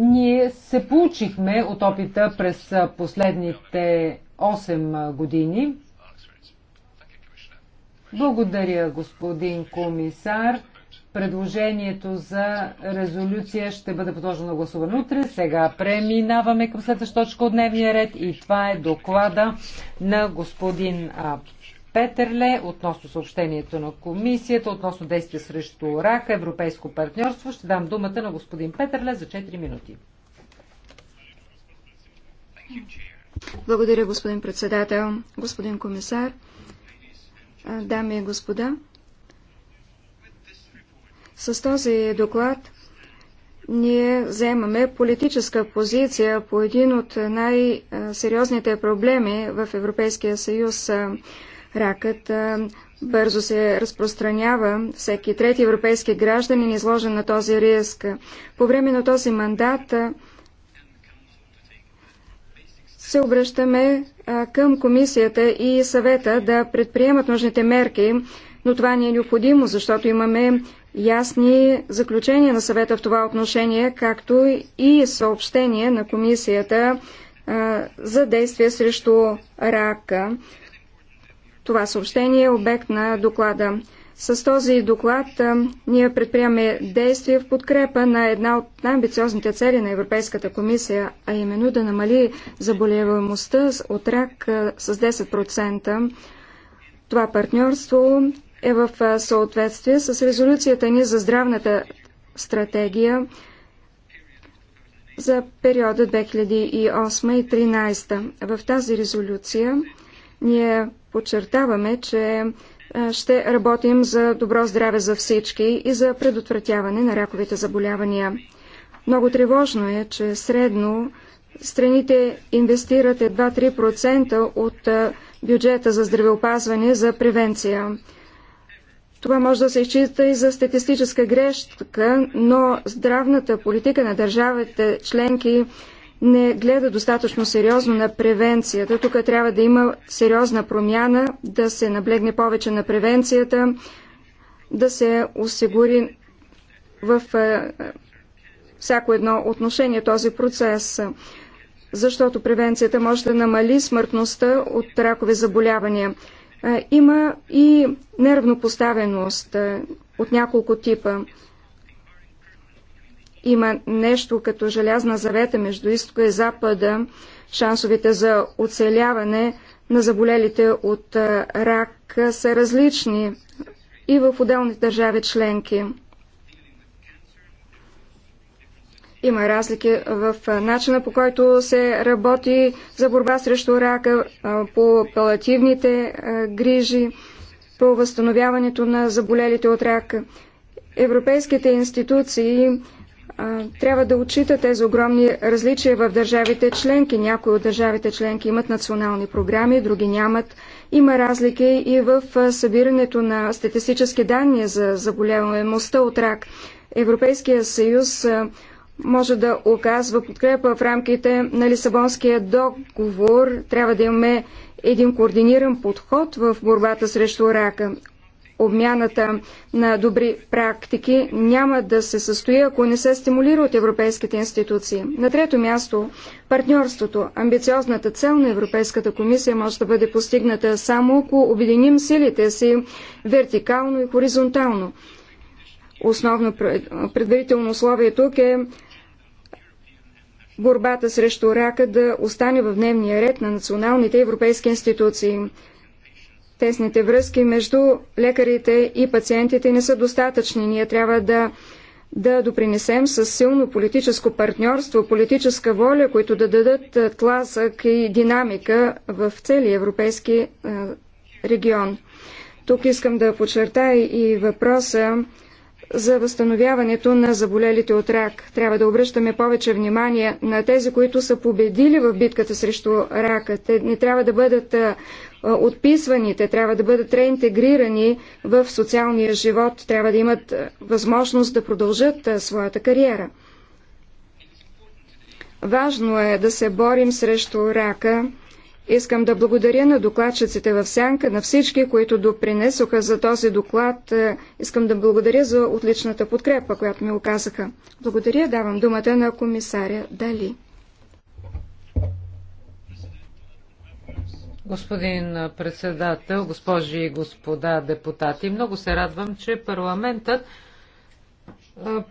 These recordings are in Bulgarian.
Ние се получихме от опита през последните 8 години. Благодаря, господин комисар. Предложението за резолюция ще бъде подложено на гласуване утре. Сега преминаваме към следваща точка от дневния ред и това е доклада на господин Петерле относно съобщението на комисията, относно действия срещу рака, европейско партньорство. Ще дам думата на господин Петерле за 4 минути. Благодаря, господин председател, господин комисар, дами и господа. С този доклад ние вземаме политическа позиция по един от най-сериозните проблеми в Европейския съюз Ракът бързо се разпространява. Всеки трети европейски гражданин е изложен на този риск. По време на този мандат се обръщаме към комисията и съвета да предприемат нужните мерки, но това не е необходимо, защото имаме ясни заключения на съвета в това отношение, както и съобщение на комисията за действие срещу рака. Това съобщение е обект на доклада. С този доклад ние предприемаме действия в подкрепа на една от най-амбициозните цели на Европейската комисия, а именно да намали заболеваемостта от рак с 10%. Това партньорство е в съответствие с резолюцията ни за здравната стратегия за периода 2008 и 2013. В тази резолюция ние подчертаваме, че ще работим за добро здраве за всички и за предотвратяване на раковите заболявания. Много тревожно е, че средно страните инвестират едва 3% от бюджета за здравеопазване за превенция. Това може да се изчита и за статистическа грешка, но здравната политика на държавите членки не гледа достатъчно сериозно на превенцията. Тук трябва да има сериозна промяна, да се наблегне повече на превенцията, да се осигури в е, всяко едно отношение този процес, защото превенцията може да намали смъртността от ракови заболявания. Е, има и поставеност е, от няколко типа има нещо като желязна завета между изтока и запада, шансовете за оцеляване на заболелите от рак са различни и в отделни държави членки. Има разлики в начина по който се работи за борба срещу рака, по палативните грижи, по възстановяването на заболелите от рака. Европейските институции трябва да отчита тези огромни различия в държавите членки. Някои от държавите членки имат национални програми, други нямат. Има разлики и в събирането на статистически данни за заболеваемостта от рак. Европейския съюз може да оказва подкрепа в рамките на Лисабонския договор. Трябва да имаме един координиран подход в борбата срещу рака обмяната на добри практики няма да се състои, ако не се стимулира от европейските институции. На трето място, партньорството. Амбициозната цел на Европейската комисия може да бъде постигната само ако обединим силите си вертикално и хоризонтално. Основно предварително условие тук е борбата срещу рака да остане в дневния ред на националните европейски институции. Тесните връзки между лекарите и пациентите не са достатъчни. Ние трябва да, да допринесем с силно политическо партньорство, политическа воля, които да дадат тласък и динамика в целия европейски регион. Тук искам да подчертая и въпроса за възстановяването на заболелите от рак. Трябва да обръщаме повече внимание на тези, които са победили в битката срещу рака. Те не трябва да бъдат отписваните, трябва да бъдат реинтегрирани в социалния живот, трябва да имат възможност да продължат своята кариера. Важно е да се борим срещу рака. Искам да благодаря на докладчиците в Сянка, на всички, които допринесоха за този доклад. Искам да благодаря за отличната подкрепа, която ми оказаха. Благодаря, давам думата на комисаря Дали. Господин председател, госпожи и господа депутати, много се радвам, че парламентът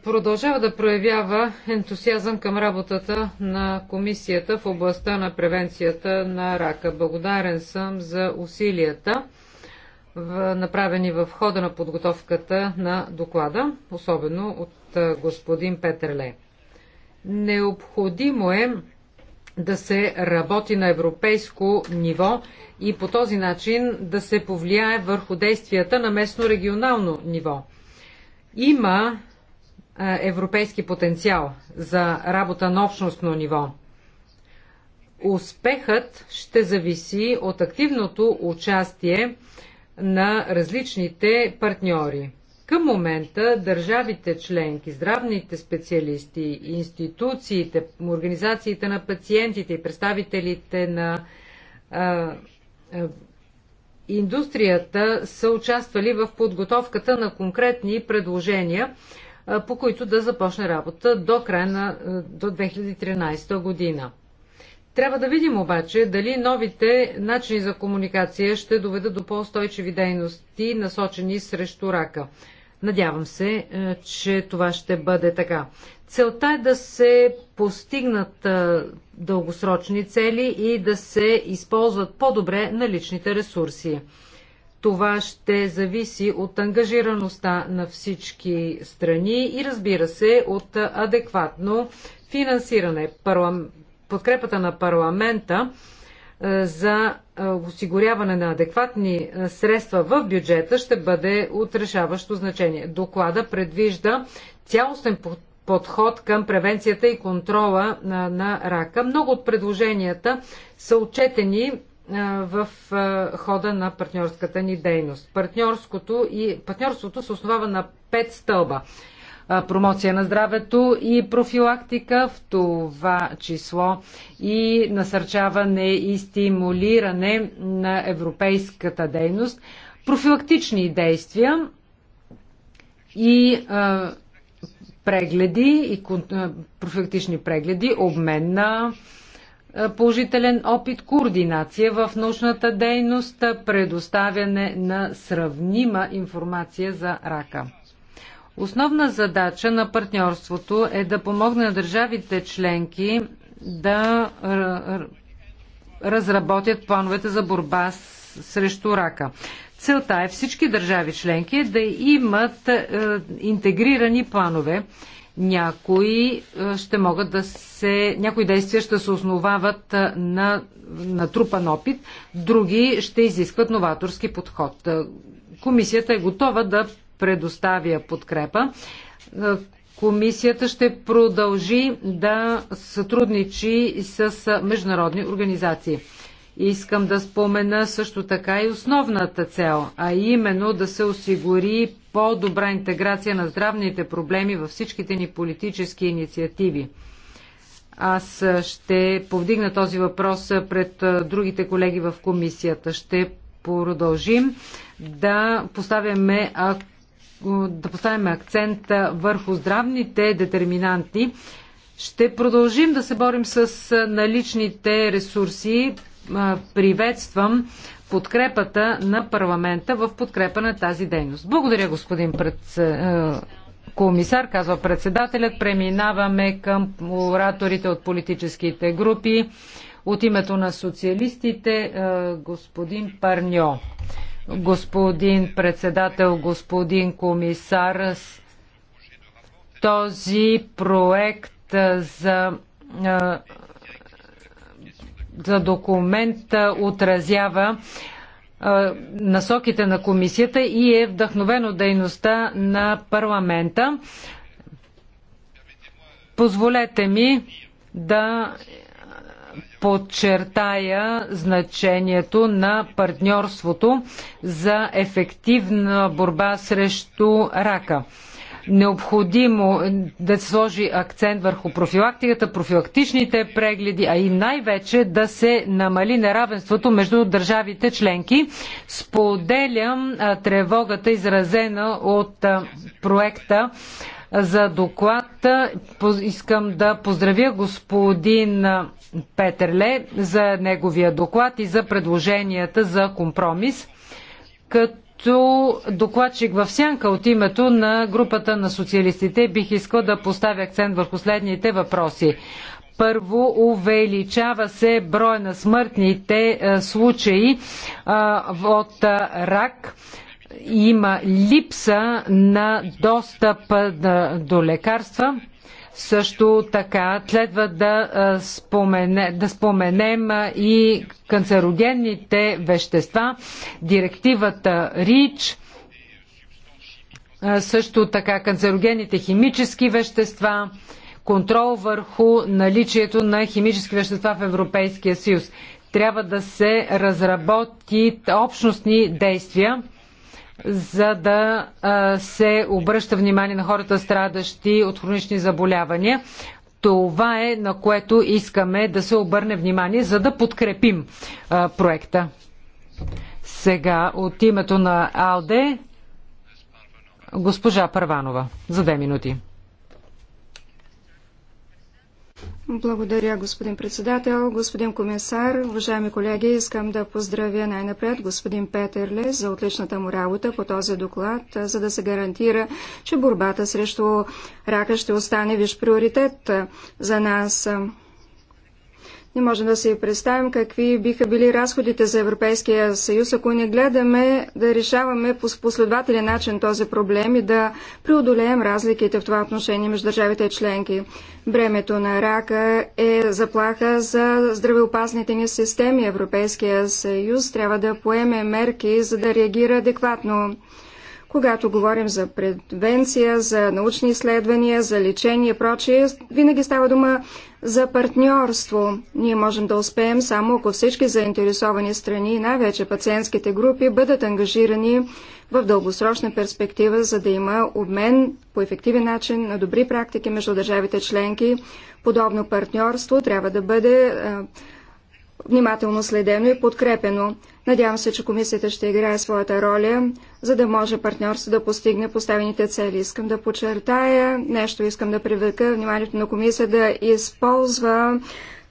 продължава да проявява ентусиазъм към работата на комисията в областта на превенцията на рака. Благодарен съм за усилията, направени в хода на подготовката на доклада, особено от господин Петър Ле. Необходимо е да се работи на европейско ниво и по този начин да се повлияе върху действията на местно-регионално ниво. Има европейски потенциал за работа на общностно ниво. Успехът ще зависи от активното участие на различните партньори. Към момента държавите членки, здравните специалисти, институциите, организациите на пациентите и представителите на а, а, индустрията са участвали в подготовката на конкретни предложения, а, по които да започне работа до края на до 2013 година. Трябва да видим обаче дали новите начини за комуникация ще доведат до по-устойчиви дейности, насочени срещу рака. Надявам се, е, че това ще бъде така. Целта е да се постигнат е, дългосрочни цели и да се използват по-добре наличните ресурси. Това ще зависи от ангажираността на всички страни и разбира се от адекватно финансиране. Подкрепата на парламента е, за е, осигуряване на адекватни е, средства в бюджета ще бъде отрешаващо значение. Доклада предвижда цялостен подход към превенцията и контрола на, на рака. Много от предложенията са отчетени в хода на партньорската ни дейност. Партньорското, и, партньорството се основава на пет стълба промоция на здравето и профилактика, в това число и насърчаване и стимулиране на европейската дейност, профилактични действия и прегледи и профилактични прегледи, обмен на положителен опит, координация в научната дейност, предоставяне на сравнима информация за рака. Основна задача на партньорството е да помогне на държавите членки да разработят плановете за борба срещу рака. Целта е всички държави членки да имат е, интегрирани планове. Някои, е, ще могат да се, някои действия ще се основават е, на трупан опит, други ще изискват новаторски подход. Комисията е готова да предоставя подкрепа. Комисията ще продължи да сътрудничи с международни организации. Искам да спомена също така и основната цел, а именно да се осигури по-добра интеграция на здравните проблеми във всичките ни политически инициативи. Аз ще повдигна този въпрос пред другите колеги в комисията. Ще продължим да поставяме да поставим акцент върху здравните детерминанти. Ще продължим да се борим с наличните ресурси. Приветствам подкрепата на парламента в подкрепа на тази дейност. Благодаря, господин пред... комисар, казва председателят. Преминаваме към ораторите от политическите групи. От името на социалистите, господин Парньо господин председател, господин комисар. Този проект за, за документ отразява насоките на комисията и е вдъхновен от дейността на парламента. Позволете ми да подчертая значението на партньорството за ефективна борба срещу рака. Необходимо да се сложи акцент върху профилактиката, профилактичните прегледи, а и най-вече да се намали неравенството между държавите членки. Споделям тревогата, изразена от проекта за доклад. Искам да поздравя господин Петерле за неговия доклад и за предложенията за компромис. Като докладчик в сянка от името на групата на социалистите бих искал да поставя акцент върху следните въпроси. Първо, увеличава се броя на смъртните случаи от рак има липса на достъп до лекарства. Също така следва да, спомене, да споменем и канцерогенните вещества, директивата РИЧ, също така канцерогенните химически вещества, контрол върху наличието на химически вещества в Европейския съюз. Трябва да се разработят общностни действия за да се обръща внимание на хората, страдащи от хронични заболявания. Това е на което искаме да се обърне внимание, за да подкрепим а, проекта. Сега от името на АЛДЕ госпожа Първанова за две минути. Благодаря, господин председател, господин комисар, уважаеми колеги. Искам да поздравя най-напред господин Петерле за отличната му работа по този доклад, за да се гарантира, че борбата срещу рака ще остане виш приоритет за нас. Не можем да си представим какви биха били разходите за Европейския съюз, ако не гледаме да решаваме по последователен начин този проблем и да преодолеем разликите в това отношение между държавите членки. Бремето на рака е заплаха за здравеопазните ни системи. Европейския съюз трябва да поеме мерки, за да реагира адекватно когато говорим за превенция, за научни изследвания, за лечение и прочие, винаги става дума за партньорство. Ние можем да успеем само ако всички заинтересовани страни и най-вече пациентските групи бъдат ангажирани в дългосрочна перспектива, за да има обмен по ефективен начин на добри практики между държавите членки. Подобно партньорство трябва да бъде а, внимателно следено и подкрепено. Надявам се, че комисията ще играе своята роля, за да може партньорство да постигне поставените цели. Искам да подчертая нещо, искам да привлека вниманието на комисията да използва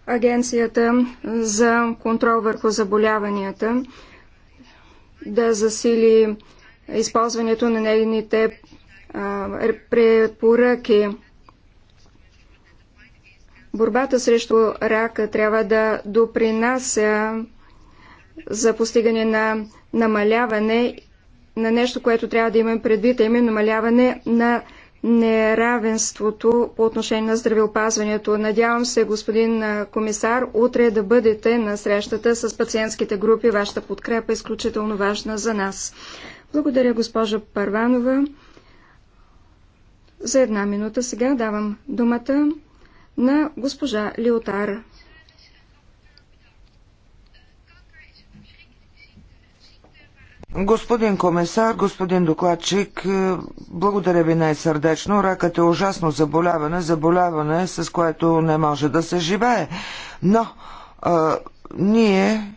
Агенцията за контрол върху заболяванията, да засили използването на нейните препоръки. Борбата срещу рака трябва да допринася за постигане на намаляване на нещо, което трябва да имаме предвид, а именно намаляване на неравенството по отношение на здравеопазването. Надявам се, господин комисар, утре да бъдете на срещата с пациентските групи. Вашата подкрепа е изключително важна за нас. Благодаря, госпожа Парванова. За една минута сега давам думата на госпожа Лиотар. Господин комисар, господин докладчик, е, благодаря ви най-сърдечно. Ракът е ужасно заболяване, заболяване, с което не може да се живее. Но а, е, ние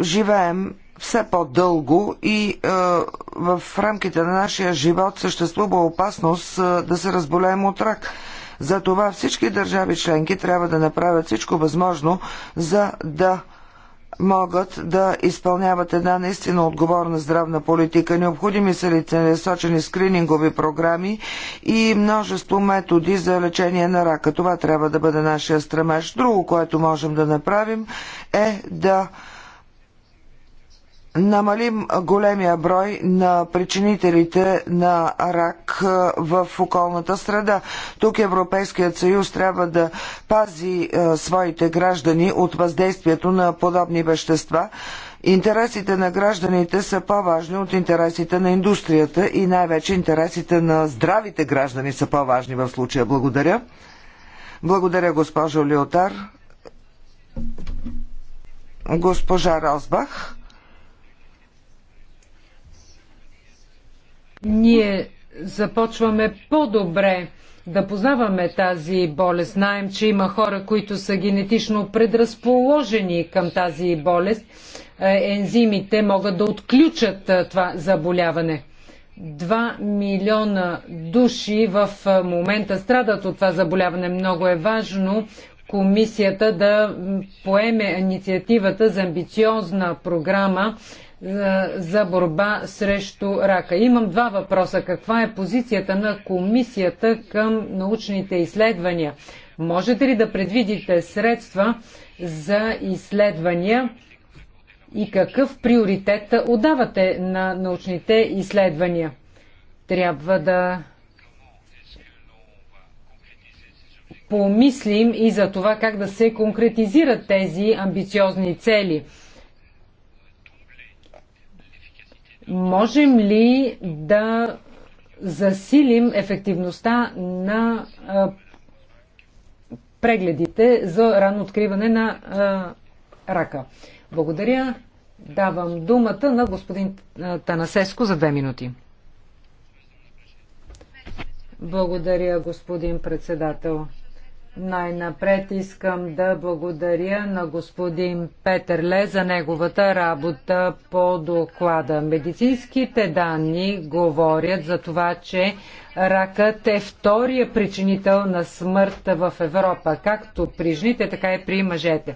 живеем все по-дълго и а, е, в рамките на нашия живот съществува опасност а, да се разболеем от рак. Затова всички държави членки трябва да направят всичко възможно, за да могат да изпълняват една наистина отговорна здравна политика. Необходими са лиценасочени скринингови програми и множество методи за лечение на рака. Това трябва да бъде нашия стремеж. Друго, което можем да направим е да намалим големия брой на причинителите на рак в околната среда. Тук Европейският съюз трябва да пази своите граждани от въздействието на подобни вещества. Интересите на гражданите са по-важни от интересите на индустрията и най-вече интересите на здравите граждани са по-важни в случая. Благодаря. Благодаря, госпожо Леотар. Госпожа Росбах. ние започваме по-добре да познаваме тази болест. Знаем, че има хора, които са генетично предразположени към тази болест. Е, ензимите могат да отключат е, това заболяване. 2 милиона души в е, момента страдат от това заболяване. Много е важно комисията да поеме инициативата за амбициозна програма е, за борба срещу рака. Имам два въпроса. Каква е позицията на комисията към научните изследвания? Можете ли да предвидите средства за изследвания и какъв приоритет отдавате на научните изследвания? Трябва да помислим и за това как да се конкретизират тези амбициозни цели – Можем ли да засилим ефективността на прегледите за рано откриване на рака? Благодаря. Давам думата на господин Танасеско за две минути. Благодаря, господин председател. Най-напред искам да благодаря на господин Ле за неговата работа по доклада. Медицинските данни говорят за това, че ракът е втория причинител на смърт в Европа, както при жените, така и при мъжете.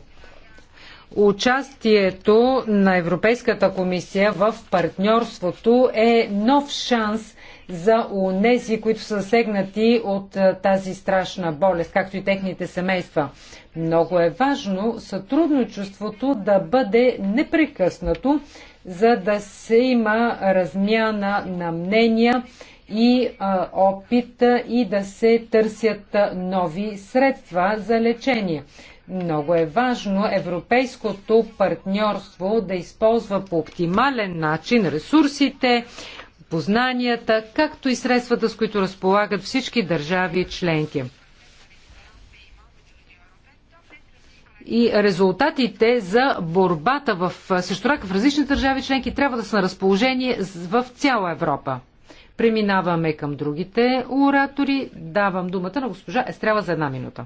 Участието на Европейската комисия в партньорството е нов шанс за унези, които са засегнати от тази страшна болест, както и техните семейства. Много е важно сътрудничеството да бъде непрекъснато, за да се има размяна на мнения и а, опит и да се търсят нови средства за лечение. Много е важно европейското партньорство да използва по оптимален начин ресурсите, познанията, както и средствата, с които разполагат всички държави и членки. И резултатите за борбата в срещу рака в различни държави членки трябва да са на разположение в цяла Европа. Преминаваме към другите оратори. Давам думата на госпожа Естрела за една минута.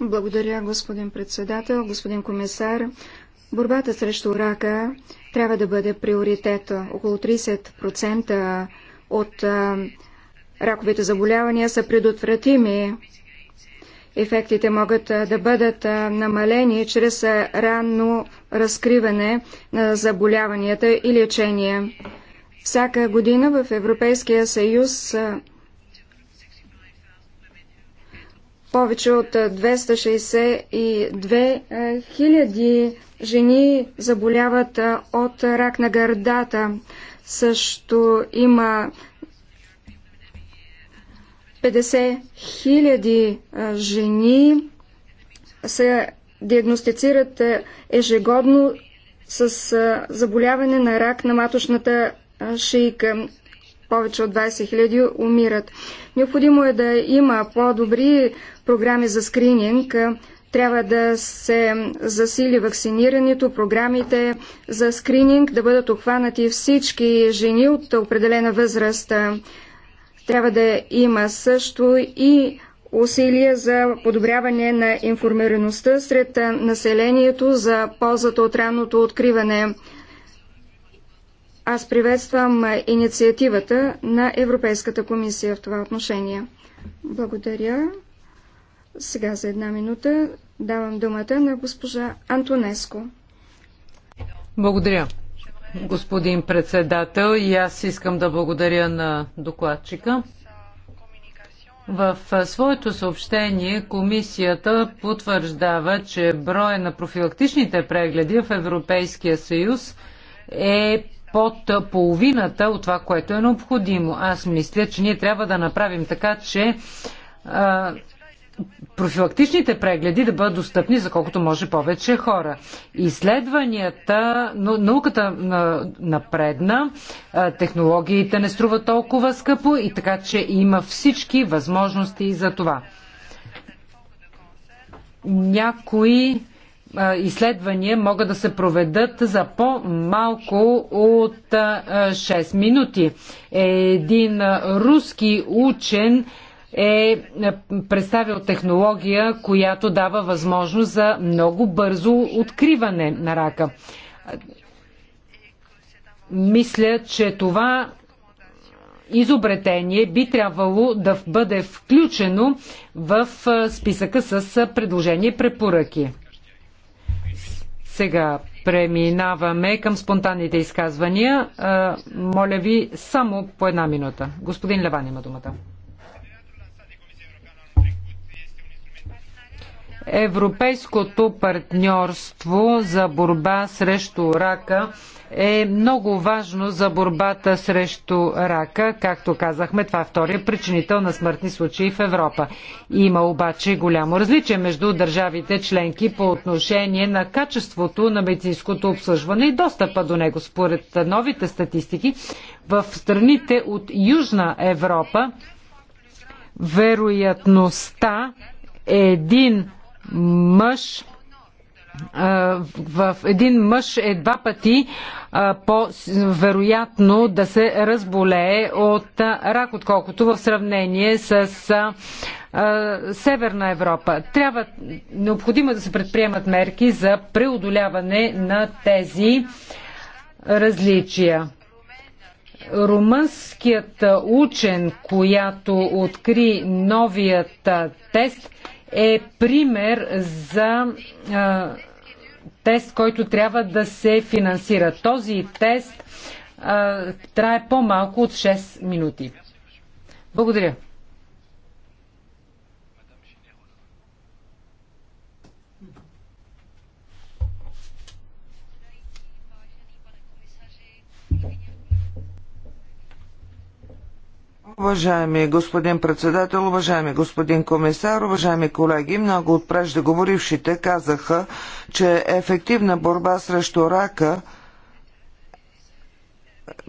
Благодаря, господин председател, господин комисар. Борбата срещу рака трябва да бъде приоритет. Около 30% от а, раковите заболявания са предотвратими. Ефектите могат да бъдат намалени чрез ранно разкриване на заболяванията и лечение. Всяка година в Европейския съюз а, повече от 262 е, е, хиляди жени заболяват е, от рак на гърдата. Също има 50 хиляди жени се диагностицират ежегодно с заболяване на рак на маточната шийка. Повече от 20 000 умират. Необходимо е да има по-добри програми за скрининг. Трябва да се засили вакцинирането, програмите за скрининг, да бъдат обхванати всички жени от определена възраст. Трябва да има също и усилия за подобряване на информираността сред населението за ползата от ранното откриване. Аз приветствам инициативата на Европейската комисия в това отношение. Благодаря. Сега за една минута давам думата на госпожа Антонеско. Благодаря, господин председател. И аз искам да благодаря на докладчика. В своето съобщение комисията потвърждава, че броя на профилактичните прегледи в Европейския съюз е под половината от това, което е необходимо. Аз мисля, че ние трябва да направим така, че профилактичните прегледи да бъдат достъпни за колкото може повече хора. Изследванията, науката напредна, технологиите не струват толкова скъпо и така, че има всички възможности за това. Някои изследвания могат да се проведат за по-малко от 6 минути. Един руски учен е, е представил технология, която дава възможност за много бързо откриване на рака. Мисля, че това изобретение би трябвало да бъде включено в списъка с предложение и препоръки. Сега преминаваме към спонтанните изказвания. Моля ви само по една минута. Господин Леван има думата. Европейското партньорство за борба срещу рака е много важно за борбата срещу рака. Както казахме, това е втория причинител на смъртни случаи в Европа. Има обаче голямо различие между държавите членки по отношение на качеството на медицинското обслужване и достъпа до него. Според новите статистики, в страните от Южна Европа вероятността е един мъж в един мъж е два пъти по-вероятно да се разболее от рак, отколкото в сравнение с Северна Европа. Трябва необходимо е да се предприемат мерки за преодоляване на тези различия. Румънският учен, която откри новият тест, е пример за а, тест, който трябва да се финансира. Този тест а, трае по-малко от 6 минути. Благодаря. Уважаеми господин председател, уважаеми господин комисар, уважаеми колеги, много от преждеговорившите казаха, че ефективна борба срещу рака –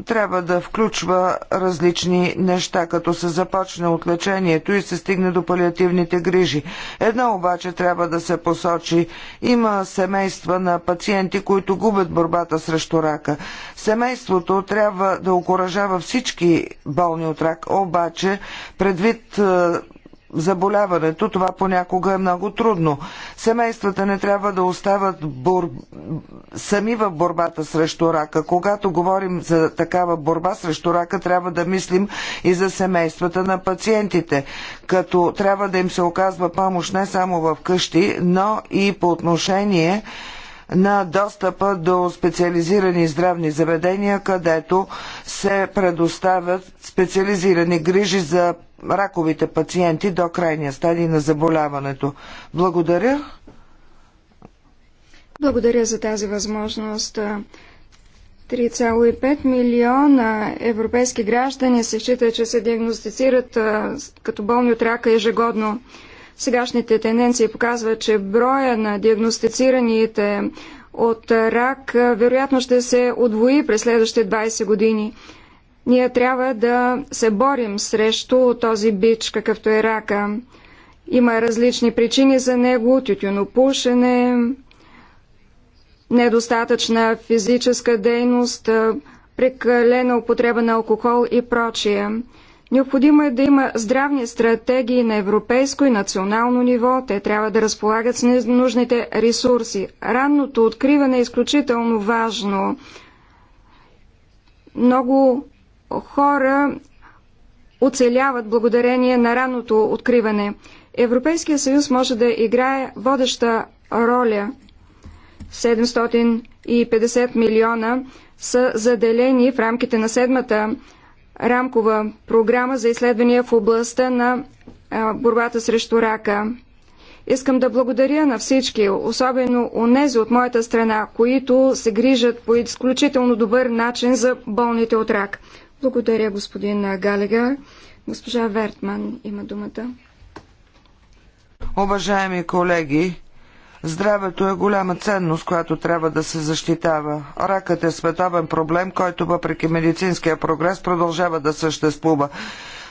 трябва да включва различни неща, като се започне от лечението и се стигне до палиативните грижи. Едно обаче трябва да се посочи. Има семейства на пациенти, които губят борбата срещу рака. Семейството трябва да окоръжава всички болни от рак, обаче предвид е, заболяването, това понякога е много трудно. Семействата не трябва да остават бор... сами в борбата срещу рака. Когато говорим за такава борба срещу рака, трябва да мислим и за семействата на пациентите, като трябва да им се оказва помощ не само в къщи, но и по отношение на достъпа до специализирани здравни заведения, където се предоставят специализирани грижи за раковите пациенти до крайния стадий на заболяването. Благодаря. Благодаря за тази възможност. 3,5 милиона европейски граждани се считат, че се диагностицират като болни от рака ежегодно. Сегашните тенденции показват, че броя на диагностицираните от рак вероятно ще се отвои през следващите 20 години. Ние трябва да се борим срещу този бич, какъвто е рака. Има различни причини за него, тютюнопушене, недостатъчна физическа дейност, прекалена употреба на алкохол и прочие. Необходимо е да има здравни стратегии на европейско и национално ниво. Те трябва да разполагат с нужните ресурси. Ранното откриване е изключително важно. Много хора оцеляват благодарение на ранното откриване. Европейския съюз може да играе водеща роля. 750 милиона са заделени в рамките на седмата рамкова програма за изследвания в областта на борбата срещу рака. Искам да благодаря на всички, особено онези от моята страна, които се грижат по изключително добър начин за болните от рак. Благодаря, господин Галега. Госпожа Вертман има думата. Уважаеми колеги, Здравето е голяма ценност, която трябва да се защитава. Ракът е световен проблем, който въпреки медицинския прогрес продължава да съществува.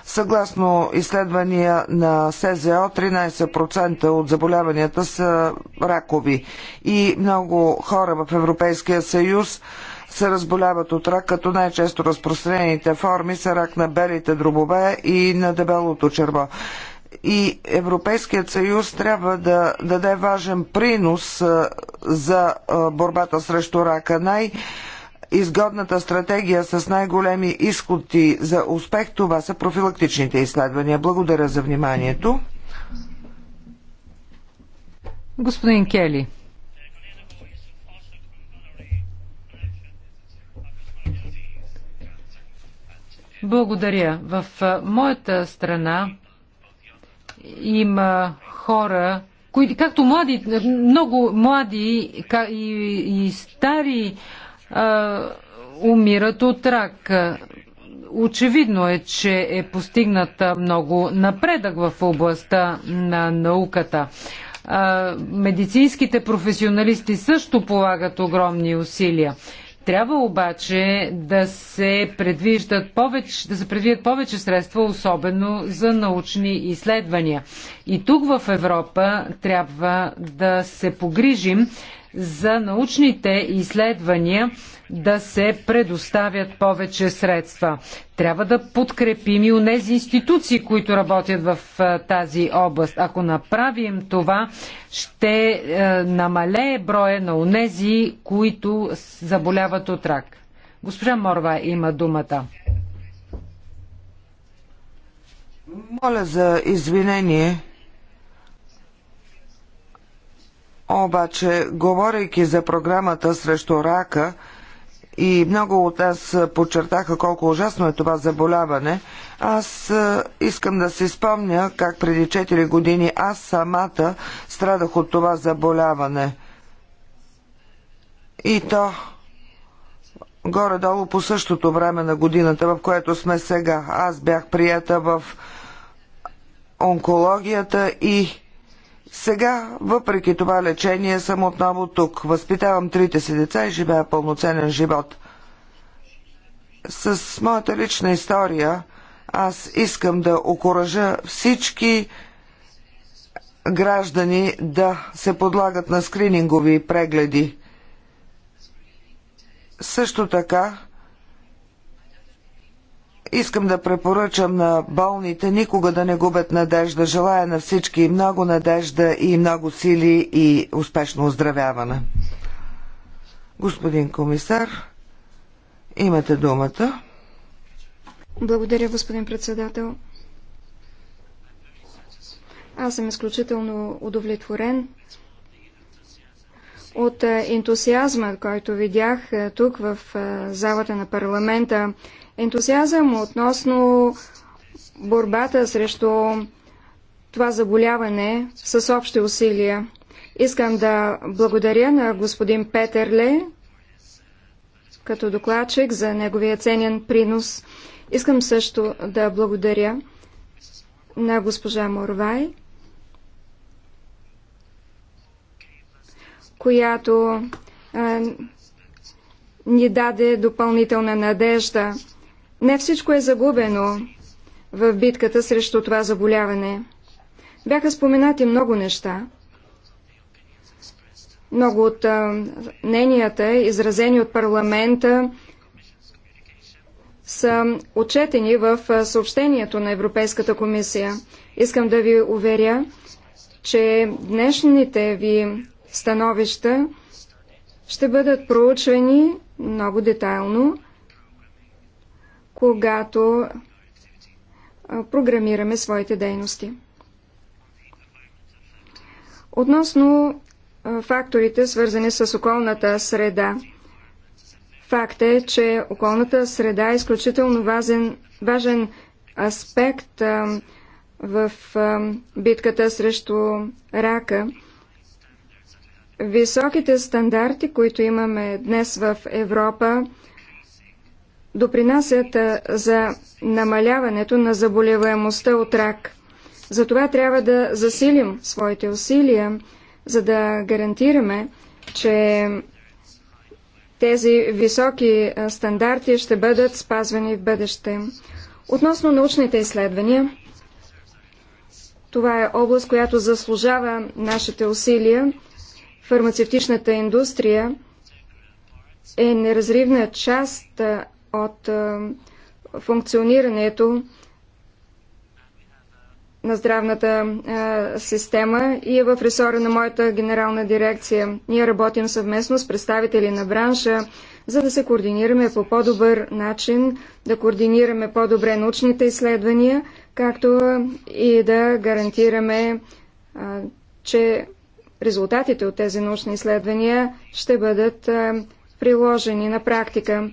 Съгласно изследвания на СЗО, 13% от заболяванията са ракови и много хора в Европейския съюз се разболяват от рак, като най-често разпространените форми са рак на белите дробове и на дебелото черво и Европейският съюз трябва да даде важен принос за борбата срещу рака. Най- Изгодната стратегия с най-големи изходи за успех това са профилактичните изследвания. Благодаря за вниманието. Господин Кели, Благодаря. В моята страна има хора, които, както млади, много млади и, и стари а, умират от рак. Очевидно е, че е постигнат много напредък в областта на науката. А, медицинските професионалисти също полагат огромни усилия. Трябва обаче да се, предвиждат повече, да се предвидят повече средства, особено за научни изследвания. И тук в Европа трябва да се погрижим за научните изследвания, да се предоставят повече средства. Трябва да подкрепим и унези институции, които работят в тази област. Ако направим това, ще е, намалее броя на унези, които заболяват от рак. Госпожа Морва има думата. Моля за извинение. Обаче, говорейки за програмата срещу рака, и много от нас подчертаха колко ужасно е това заболяване. Аз е, искам да си спомня как преди 4 години аз самата страдах от това заболяване. И то горе-долу по същото време на годината, в което сме сега. Аз бях прията в онкологията и сега, въпреки това лечение, съм отново тук. Възпитавам трите си деца и живея пълноценен живот. С моята лична история аз искам да окоръжа всички граждани да се подлагат на скринингови прегледи. Също така Искам да препоръчам на болните никога да не губят надежда. Желая на всички много надежда и много сили и успешно оздравяване. Господин комисар, имате думата. Благодаря, господин председател. Аз съм изключително удовлетворен от ентусиазма, който видях е, тук в е, залата на парламента ентусиазъм относно борбата срещу това заболяване с общи усилия. Искам да благодаря на господин Петерле като докладчик за неговия ценен принос. Искам също да благодаря на госпожа Морвай, която а, ни даде допълнителна надежда не всичко е загубено в битката срещу това заболяване. Бяха споменати много неща. Много от мненията, изразени от парламента, са отчетени в съобщението на Европейската комисия. Искам да ви уверя, че днешните ви становища ще бъдат проучвани много детайлно когато програмираме своите дейности. Относно факторите, свързани с околната среда. Факт е, че околната среда е изключително важен, важен аспект в битката срещу рака. Високите стандарти, които имаме днес в Европа, допринасят за намаляването на заболеваемостта от рак. Затова трябва да засилим своите усилия, за да гарантираме, че тези високи стандарти ще бъдат спазвани в бъдеще. Относно научните изследвания, това е област, която заслужава нашите усилия. Фармацевтичната индустрия е неразривна част от е, функционирането на здравната е, система и е в ресора на моята генерална дирекция. Ние работим съвместно с представители на бранша, за да се координираме по по-добър начин, да координираме по-добре научните изследвания, както и да гарантираме, е, че резултатите от тези научни изследвания ще бъдат приложени на практика.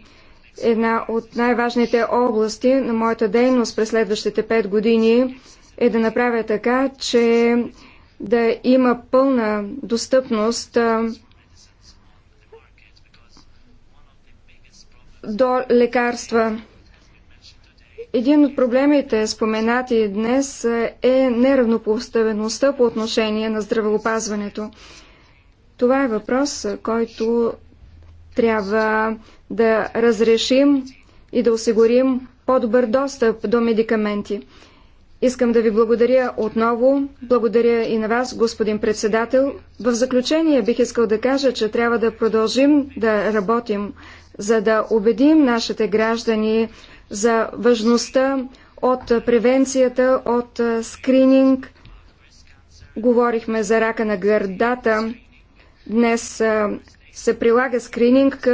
Една от най-важните области на моята дейност през следващите пет години е да направя така, че да има пълна достъпност до лекарства. Един от проблемите, споменати днес, е неравнопоставеността по отношение на здравеопазването. Това е въпрос, който трябва да разрешим и да осигурим по-добър достъп до медикаменти. Искам да ви благодаря отново. Благодаря и на вас, господин председател. В заключение бих искал да кажа, че трябва да продължим да работим, за да убедим нашите граждани за важността от превенцията, от скрининг. Говорихме за рака на гърдата. Днес се прилага скрининг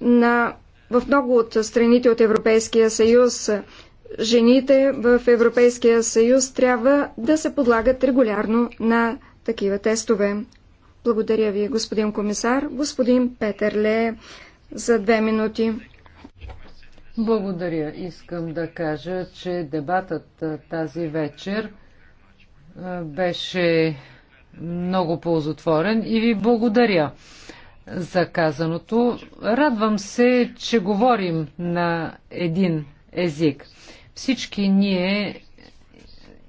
на, в много от страните от Европейския съюз. Жените в Европейския съюз трябва да се подлагат регулярно на такива тестове. Благодаря ви, господин комисар. Господин Петър Ле, за две минути. Благодаря. Искам да кажа, че дебатът тази вечер беше много ползотворен и ви благодаря за казаното. Радвам се, че говорим на един език. Всички ние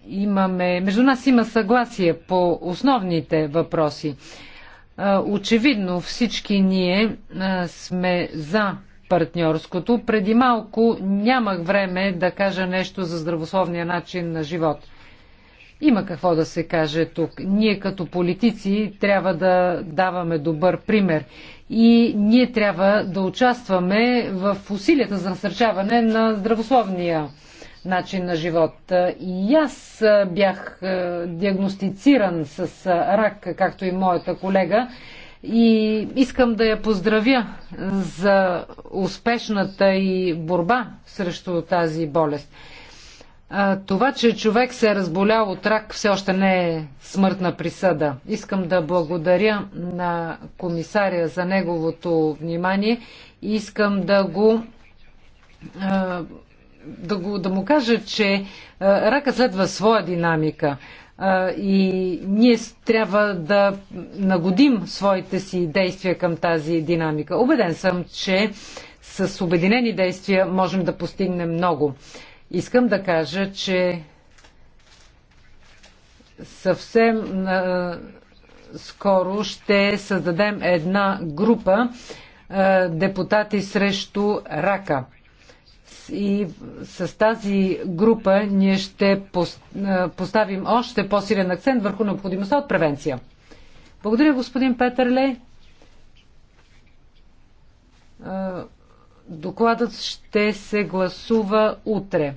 имаме, между нас има съгласие по основните въпроси. Очевидно всички ние сме за партньорското. Преди малко нямах време да кажа нещо за здравословния начин на живот – има какво да се каже тук. Ние като политици трябва да даваме добър пример и ние трябва да участваме в усилията за насърчаване на здравословния начин на живот. И аз бях диагностициран с рак, както и моята колега, и искам да я поздравя за успешната и борба срещу тази болест. А, това, че човек се е разболял от рак, все още не е смъртна присъда. Искам да благодаря на комисаря за неговото внимание и искам да го. А, да, го, да му кажа, че а, рака следва своя динамика и ние трябва да нагодим своите си действия към тази динамика. Обеден съм, че с обединени действия можем да постигнем много. Искам да кажа, че съвсем скоро ще създадем една група депутати срещу рака. И с тази група ние ще поставим още по-силен акцент върху необходимостта от превенция. Благодаря, господин Петърле. Докладът ще се гласува утре.